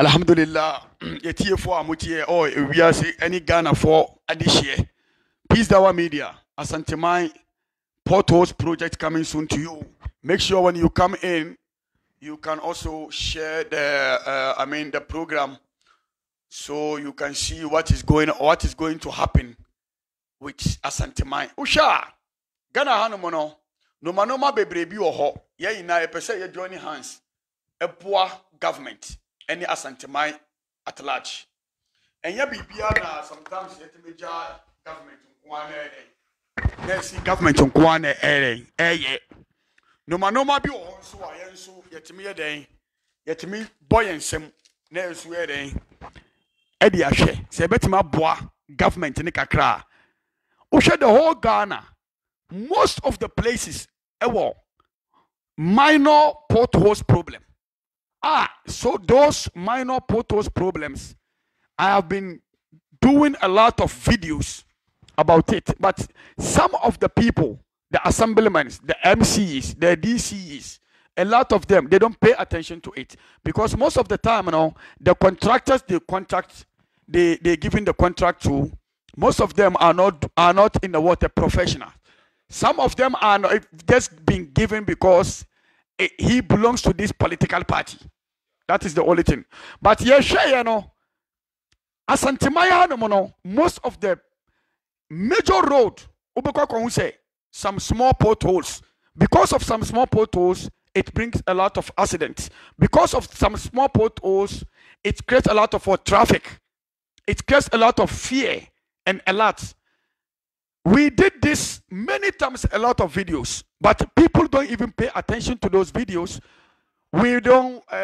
alhamdulillah yɛtiefoɔ a motie ɔ any Ghana for adehyeɛ peace dawa media Asantemai. Portos project coming soon to you make sure when you come in you can also share the uh, i mean the program so you can see what is going what is going to happen with Asantemai. Usha, Ghana ghana hanom no nomanoma bebree bi ho. hɔ ina epe yɛpɛ sɛ yɛjoine hands Epoa government ɛne asanteman at large ɛnyɛ biribiara na sometimes yɛtumi gya government nkoa na ɛyɛ na ɛsi government nkoa na eh, eh, eh, ɛyɛ ɛyɛ noma noma bi wɔ hɔ nso a yɛn nso yɛtumi yɛ dɛn yɛtumi bɔ yɛn nsam na yɛn nso yɛ dɛn ɛde ahwɛ sɛ ɛbɛtumi aboa government ne kakra a wohwɛ the whole ghana most of the places ɛwɔ minor port host problem Ah, so those minor pothole problems, I have been doing a lot of videos about it. But some of the people, the assemblymen, the MCs, the DCs, a lot of them, they don't pay attention to it because most of the time, you know, the contractors they contract, they they giving the contract to. Most of them are not are not in the water professional. Some of them are not, just being given because Eh, he belongs to this political party. That is the only thing. But yes, you know, as Antimaya, most of the major road, some small potholes. Because of some small potholes, it brings a lot of accidents. Because of some small potholes, it creates a lot of uh, traffic. It creates a lot of fear and a lot. We did this many times, a lot of videos. But people don't even pay attention to those videos. We don't, uh,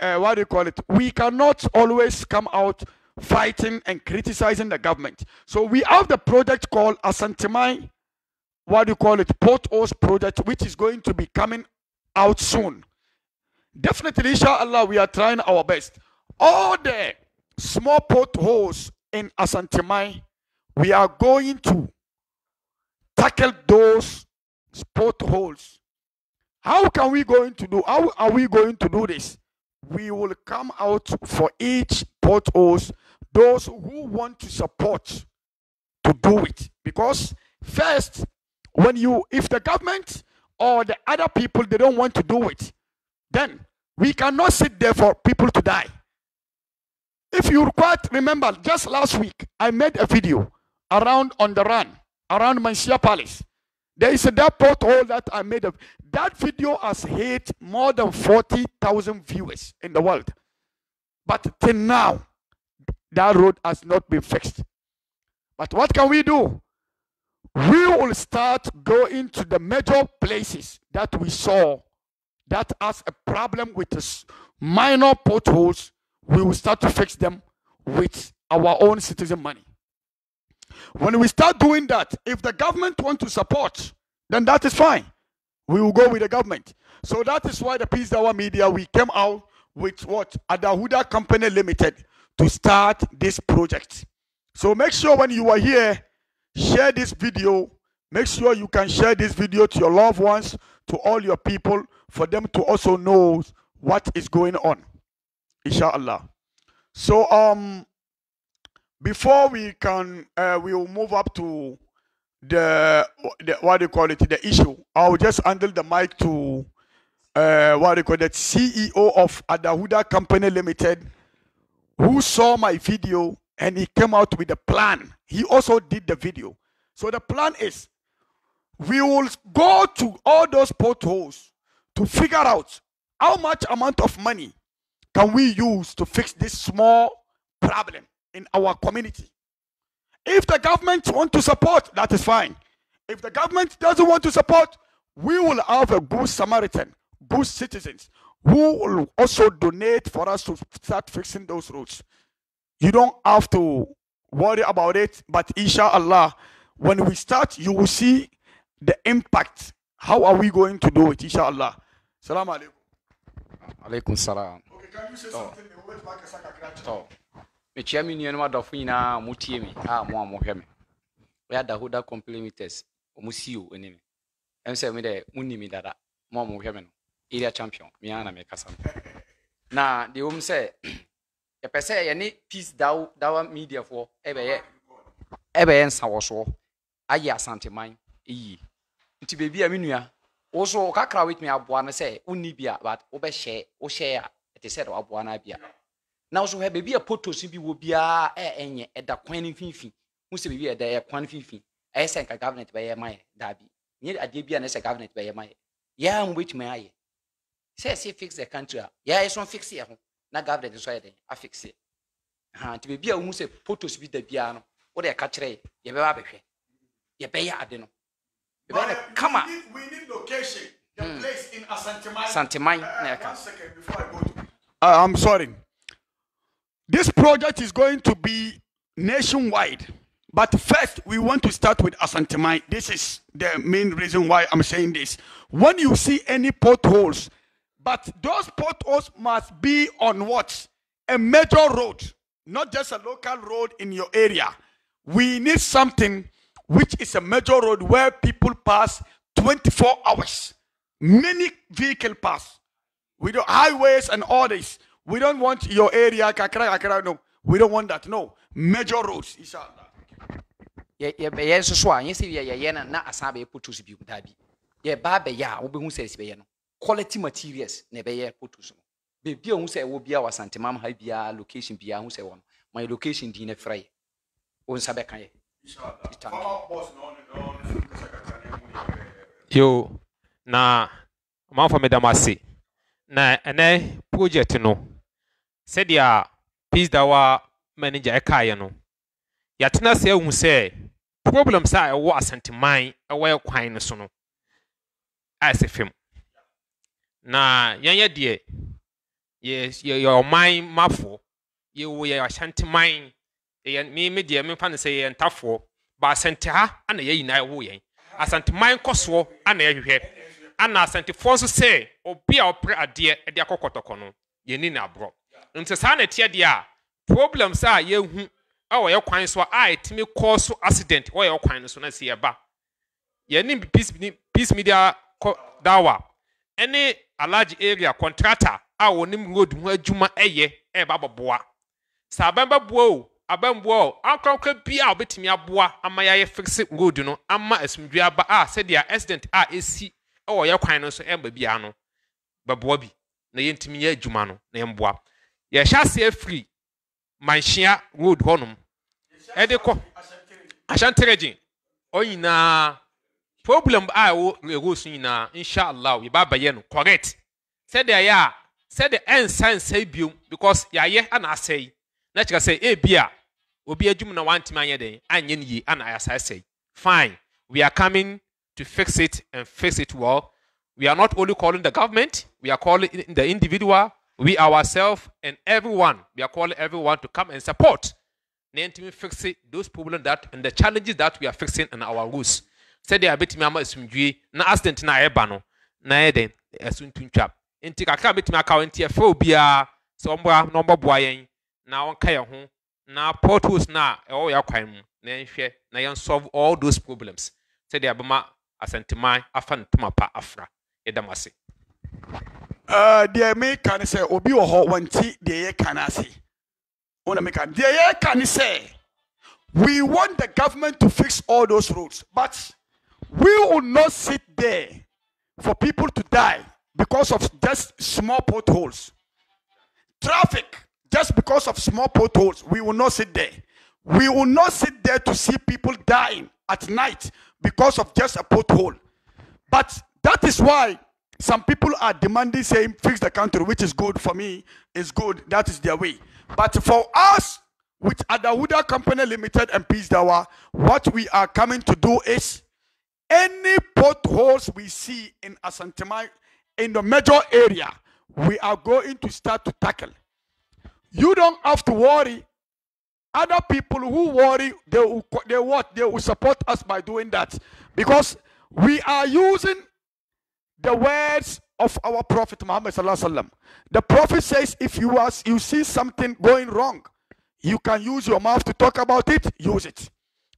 uh, what do you call it? We cannot always come out fighting and criticizing the government. So we have the project called Asantemai, what do you call it? Port O's project, which is going to be coming out soon. Definitely, inshallah, we are trying our best. All the small potholes in Asantemai, we are going to tackle those potholes. How can we going to do? How are we going to do this? We will come out for each potholes. Those who want to support to do it, because first, when you if the government or the other people they don't want to do it, then we cannot sit there for people to die. If you quite remember, just last week I made a video around on the run around Mansia Palace there is a that pothole that I made of. That video has hit more than 40,000 viewers in the world. But till now, that road has not been fixed. But what can we do? We will start going to the major places that we saw that has a problem with this minor potholes. We will start to fix them with our own citizen money. When we start doing that, if the government want to support, then that is fine. We will go with the government. So that is why the Peace Dawa Media, we came out with what? Adahuda Company Limited to start this project. So make sure when you are here, share this video. Make sure you can share this video to your loved ones, to all your people, for them to also know what is going on. Inshallah. So um before we can, uh, we will move up to the, the, what do you call it, the issue. I'll just handle the mic to uh, what do you call it, CEO of Adahuda Company Limited, who saw my video and he came out with a plan. He also did the video. So the plan is we will go to all those potholes to figure out how much amount of money can we use to fix this small problem in our community. If the government want to support, that is fine. If the government doesn't want to support, we will have a good Samaritan, good citizens who will also donate for us to start fixing those roads. You don't have to worry about it, but inshallah, when we start, you will see the impact. How are we going to do it, inshallah? Salam alaikum. Alaikum salam. Okay, can you say something? mekyia me nuanom adɔfo nyinaa motie me a mo a mohwɛ me ɔyɛ adahoda complimeters ɔmo sio ani me ɛm sɛ medɛ monni me dada mo a mohwɛ me no area champion meaa na mekasa no na deɛ wɔm sɛ yɛpɛ sɛ yɛne peace daw dawa mediafoɔ ɛbɛyɛ ɛbɛyɛ nsawɔsoɔ ayɛ asanteman yie nti beebi a me nua wo so kakra wetumi aboa no sɛ wonni bi a but wobɛhyɛ wohyɛ a ɛte sɛ de waboa no abia na nso hɛ baabi a potos bi wɔ biara ɛnyɛ ɛda kwan no mfimfin mo sɛ baabi ɛda ɛyɛ kwan no mfimfin ɛyɛ sɛ nka government bɛyɛ ma yɛ daabi nyɛ adeɛ bi a na sɛ government bɛyɛ ma yɛ yɛa mo bɛtumi ayɛ sɛ ɛsɛ fix the country a yɛa yɛ so fix yɛ ho na government nso ayɛ dɛn afix yɛ ha nti baabi a wohu sɛ potos bi da biara no wode ɛka kyerɛ yɛ yɛbɛba abɛhwɛ yɛbɛyɛ ade no yɛbɛyɛ kama hmm. santeman na ɛka ah, I'm sorry. This project is going to be nationwide. But first, we want to start with Asante Mai. This is the main reason why I'm saying this. When you see any potholes, but those potholes must be on what? A major road, not just a local road in your area. We need something which is a major road where people pass 24 hours. Many vehicle pass. with the highways and all this. We don't want your area kakra kakra. No, we don't want that. No, major roads. Inshallah. yɛbɛyɛ nso so a nyɛ sɛ yɛyɛyɛ no na asan bɛyɛ potos bi daa bi yɛbaa bɛyɛ a wobɛhu sɛ ɛsi bɛyɛ no quality materials na ɛbɛyɛ potos no beebi a ɔhu sɛ ɛwɔ biara wɔ asantemam ha biara location biara ɔhu sɛ ɛwɔ no location din na fira yɛ wɔn nsa bɛka yo na ɔmanfoɔ mi da mo na ɛnɛ project no sɛdeɛ pizdawa manager ɛkaeɛ no yɛatena sɛ ahu sɛ problem sɛ a ɛwɔ asanteman ɛwɔ ɛkwan no so no a ɛsɛ fam na yɛnyɛ deɛ yɛ ɔman mafoɔ yɛwɔ yɛ asanteman yɛ me me deɛ mefa no sɛ yɛ ntafoɔ ba asante ha ana yɛ nyinaa ɛwɔ yɛn asanteman kɔsoɔ ana yɛhwehwɛ ana asantefoɔ nso sɛ obi a ɔpere adeɛ ɛde akɔ kɔtɔkɔ no yɛni na aborɔ nti saa na ɛteɛ deɛ a problems a yɛhu a wɔyɛ kwan so a ɛtumi kɔɔ so accident wɔyɛ kwan no so na si yɛba yɛne peace, peace media dawa ɛne alaagye area contractor a wɔnim road ho adwuma ɛyɛ ɛreba bɔboa saa aban bɛboa o aban boa o akɔkɔ bi a wɔbɛtumi aboa ama yɛayɛ fixe road no ama asomdwe aba a sɛdeɛ accident a ɛsi ɛwɔ yɛ kwan no so ɛmba biara no bɛboa bi na yɛntumi yɛ adwuma no na yɛmboa yɛhyɛ aseɛ firi manhyia road hɔnom ɛde kɔ ahyɛnterɛgye ɔnyinaa problem a ɛwɔ ɛwɔ so nyinaa inshallah yɛba abɛyɛ no correct sɛdeɛ yɛ a sɛdeɛ ɛnsa nsa biom because yɛayɛ ana asɛ yi na kyerɛ sɛ ebi a obi adwuma na wantumi anyɛ den anyɛ no yie ana ayɛ asɛ fine we are coming to fix it and fix it well we are not only calling the government we are calling the individual we ourselves and everyone, we are calling everyone to come and support Nantimi fix those problems that and the challenges that we are fixing in our roots. Said a bit mama asumdwe na accident na ɛba no na ɛyɛ den asuntu ntwa. Nti kakra bɛtumi aka wɔn nti ɛfɛ obiara sɛ ɔmboa na ɔmbɔboa yɛn na ɔnka na portals na ɛwɔ ya kwan mu na yɛnhwɛ na yɛn solve all those problems. Said a bɛma asɛnteman afa ne toma pa afra. Yɛda mo uh, deɛ meka ne sɛ obi wɔ hɔ wɔnti deɛ we want the government to fix all those roads but we will not sit there for people to die because of just small potholes traffic just because of small potholes we will not sit there we will not sit there to see people dying at night because of just a pothole but that is why some people are demanding, saying, fix the country, which is good for me, is good. That is their way. But for us, with Huda Company Limited and Peace Dawa, what we are coming to do is any potholes we see in Asantemai, in the major area, we are going to start to tackle. You don't have to worry. Other people who worry, they will, they what? They will support us by doing that because we are using the words of our prophet Muhammad sallallahu The prophet says, if you are, you see something going wrong, you can use your mouth to talk about it. Use it.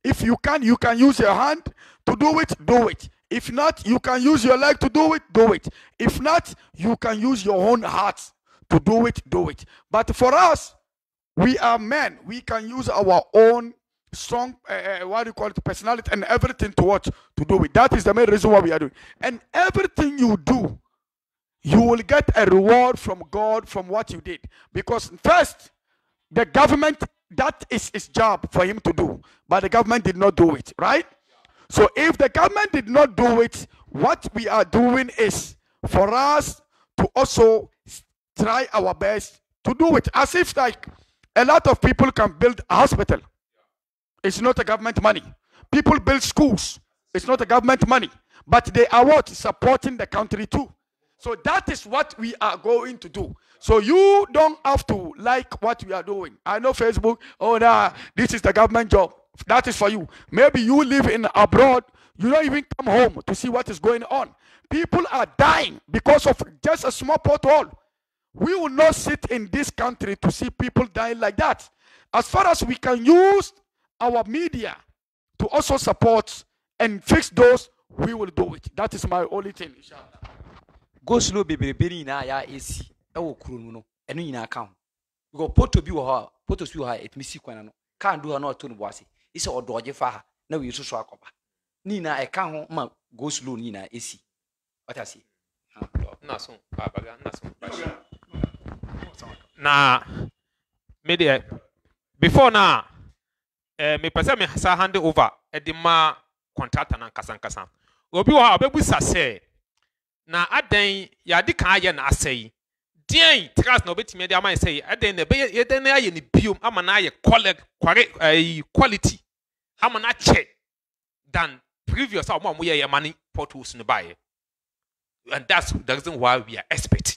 If you can, you can use your hand to do it. Do it. If not, you can use your leg to do it. Do it. If not, you can use your own heart to do it. Do it. But for us, we are men. We can use our own strong, uh, uh, what do you call it, personality and everything to what to do with. That is the main reason why we are doing. And everything you do, you will get a reward from God from what you did. Because first, the government, that is his job for him to do. But the government did not do it, right? So if the government did not do it, what we are doing is for us to also try our best to do it. As if like a lot of people can build a hospital it's not a government money. People build schools. It's not a government money. But they are what? Supporting the country too. So that is what we are going to do. So you don't have to like what we are doing. I know Facebook, oh, nah, this is the government job. That is for you. Maybe you live in abroad. You don't even come home to see what is going on. People are dying because of just a small pothole. We will not sit in this country to see people dying like that. As far as we can use our media to also support and fix those, we will do it. That is my only thing, inshallah. Gosulo Baby, na ya esi ɛwɔ kuro no no ɛno nyinaa ka ho because poto bi wɔ hɔ a potos bi wɔ hɔ a ɛtumi si kwan no kaa ndu hɔ na ɔto no bo ase ɛsɛ ɔdɔɔgye fa ha na wɔyɛ soso akɔba ne nyinaa ɛka ho ma gosulo no nyinaa esi ɔte ase. na media. before na ɛɛ eh, mepɛ me sa hande over ɛde ma kɔntrata na nkasankasa obi wɔ hɔ a sa sɛ na adan yɛade kan ayɛ na asɛ yi deɛn tras na obetumi de ama yi sɛ yi ɛdɛn na ɛbɛyɛ na ayɛ ne biom ama na ayɛ eh, quality ama na kyɛ than previous a wɔn a wɔyɛ yɛ ma ne potholes no baayɛ and that's the reason why we are expert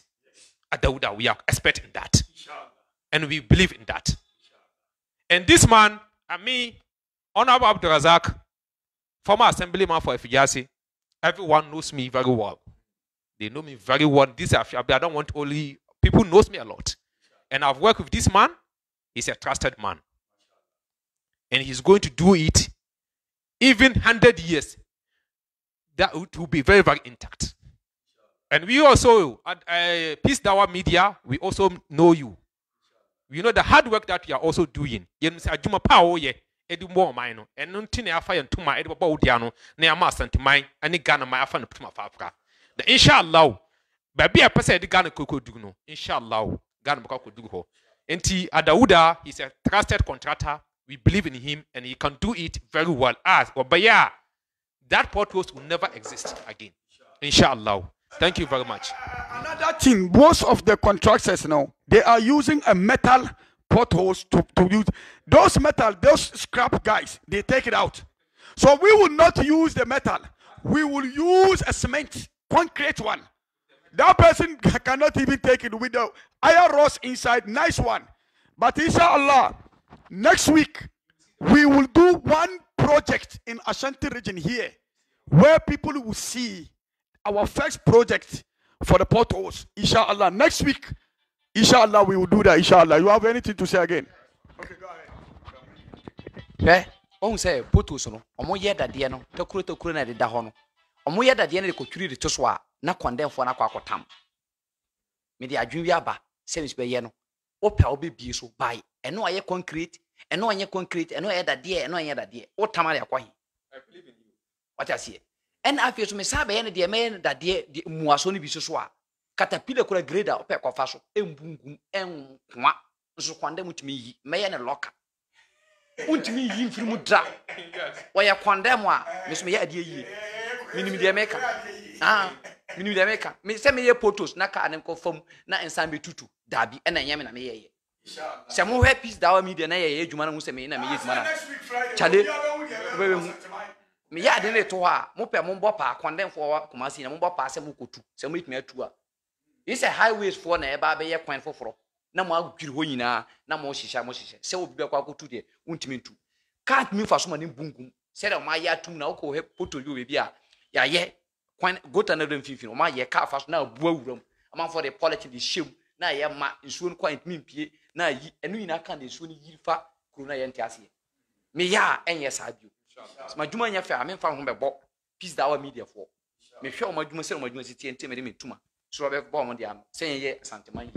at Dawuda we are expert in that and we believe in that and this man and me, Honorable Abdul Razak, former assemblyman for Efijasi, everyone knows me very well. They know me very well. This I don't want only people knows me a lot. And I've worked with this man. He's a trusted man. And he's going to do it even 100 years. That would will be very, very intact. And we also, at uh, Peace Dawa Media, we also know you you know the hard work that you are also doing yɛnim say, adwuma pa a woyɛ ɛde mbɔ ɔman no ɛno nti na yɛafa yɛ ntoma ɛde bɛbɔ wo dea no na yɛama asanteman ne ghana man afa no ptom afa afrika The inshallah baabi a ɛpɛ sɛ yɛde ghana kɔkɔdug no inshallah oh, ghana bɛkɔ akɔdug hɔ nti adawuda is a trusted contractor we believe in him and he can do it very well as ɔbɛyɛ a that port will never exist again inshallah oh. Thank you very much. Another thing, most of the contractors now, they are using a metal potholes to, to use. Those metal, those scrap guys, they take it out. So we will not use the metal. We will use a cement, concrete one. That person cannot even take it with the iron rods inside, nice one. But inshallah, next week, we will do one project in Ashanti region here where people will see our first project for the potholes. Inshallah, next week, inshallah, we will do that. Inshallah, you have anything to say again? Okay, go ahead. Hwɛ ohun sɛ potholes no ɔmo yɛ dadeɛ no takuro takuro na ɛdeda hɔ no ɔmo yɛ dadeɛ no de kotwiri de to so a na kɔndɛnfoɔ no akɔ akɔtam mede adwene wi aba sɛ mesi bɛyɛ no wopɛ a wobɛbie so bae ɛno ayɛ concrete ɛno anyɛ concrete ɛno ɛyɛ dadeɛ ɛno anyɛ dadeɛ wotam ade akɔhe wate aseɛ ɛna afei so mesan bɛyɛ no deɛ mɛyɛ no dadeɛ mmuaso no bi so so a katapila kora greda ɔpɛ kɔfa so ɛmbungum ɛnkoa nso kɔndɛ mutumi yi mɛyɛ no lɔka wontumi yi mfiri mu dra wɔyɛ kɔndɛ mu a meso meyɛ adeɛ yie menim deɛ meka menim deɛ meka sɛ meyɛ potos na kaa ne nkɔ fam na nsan bɛtutu daabi ɛna ɛnyɛ na meyɛyɛ sɛ mohwɛ peace dawa media na yɛyɛ adwuma no ho sɛ meyɛ na meyɛ adwuma no kyale wobɛbɛhu meyɛ ade ne to hɔ a mopɛ mombɔ paa kɔndɛnfoɔ kumasi na mombɔ paa sɛ mokɔtu sɛ moɛtumi atu a ɛyi sɛ highways foɔ na ɛba bɛyɛ kwan foforɔ na mo adwiri hɔ nyinaa na mo hyehyɛ mo hyehyɛ sɛ obi bɛkɔ akɔtu deɛ wontumi ntu kaa tumi fa so ma ne bunkum sɛdeɛ ɔma ayɛ atum na wokɔ hɛ poto yi baabi a yɛayɛ kwan gota no dɛ mfimfini ɔma ayɛ kaa fa so na abu awuram amanfoɔ de pɔlɛtin de hyɛm na ayɛ ma nsuo no kwan ntumi mpie na ayi ɛno nyinaa ka de nsuo no yiri fa kuro na yɛnte aseɛ meyɛ a ɛnyɛ saa bio madwuma nyɛ fɛ a memfa ho bɛbɔ peace dawa media foɔ mehwɛ ɔma adwuma sɛ ɔma adwuma si tie nti mede metuma soro bɛbɔ ɔmo deɛ ano sɛ yɛyɛ asantema yi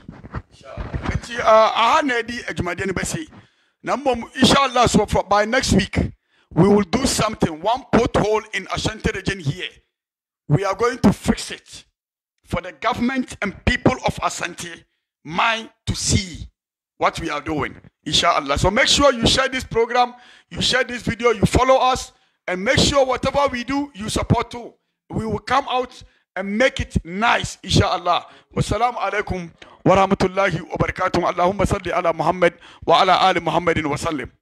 nti uh, aha na ɛdi adwumadeɛ no bɛsei na mmom inshallah so for by next week we will do something one pothole in ashanti region here we are going to fix it for the government and people of Asante, mind to see what we are doing, inshallah. So make sure you share this program, you share this video, you follow us, and make sure whatever we do, you support too. We will come out and make it nice, inshallah. Wassalamu alaikum wa rahmatullahi wa barakatuh. Allahumma salli ala Muhammad wa ala ali Muhammadin wa sallim.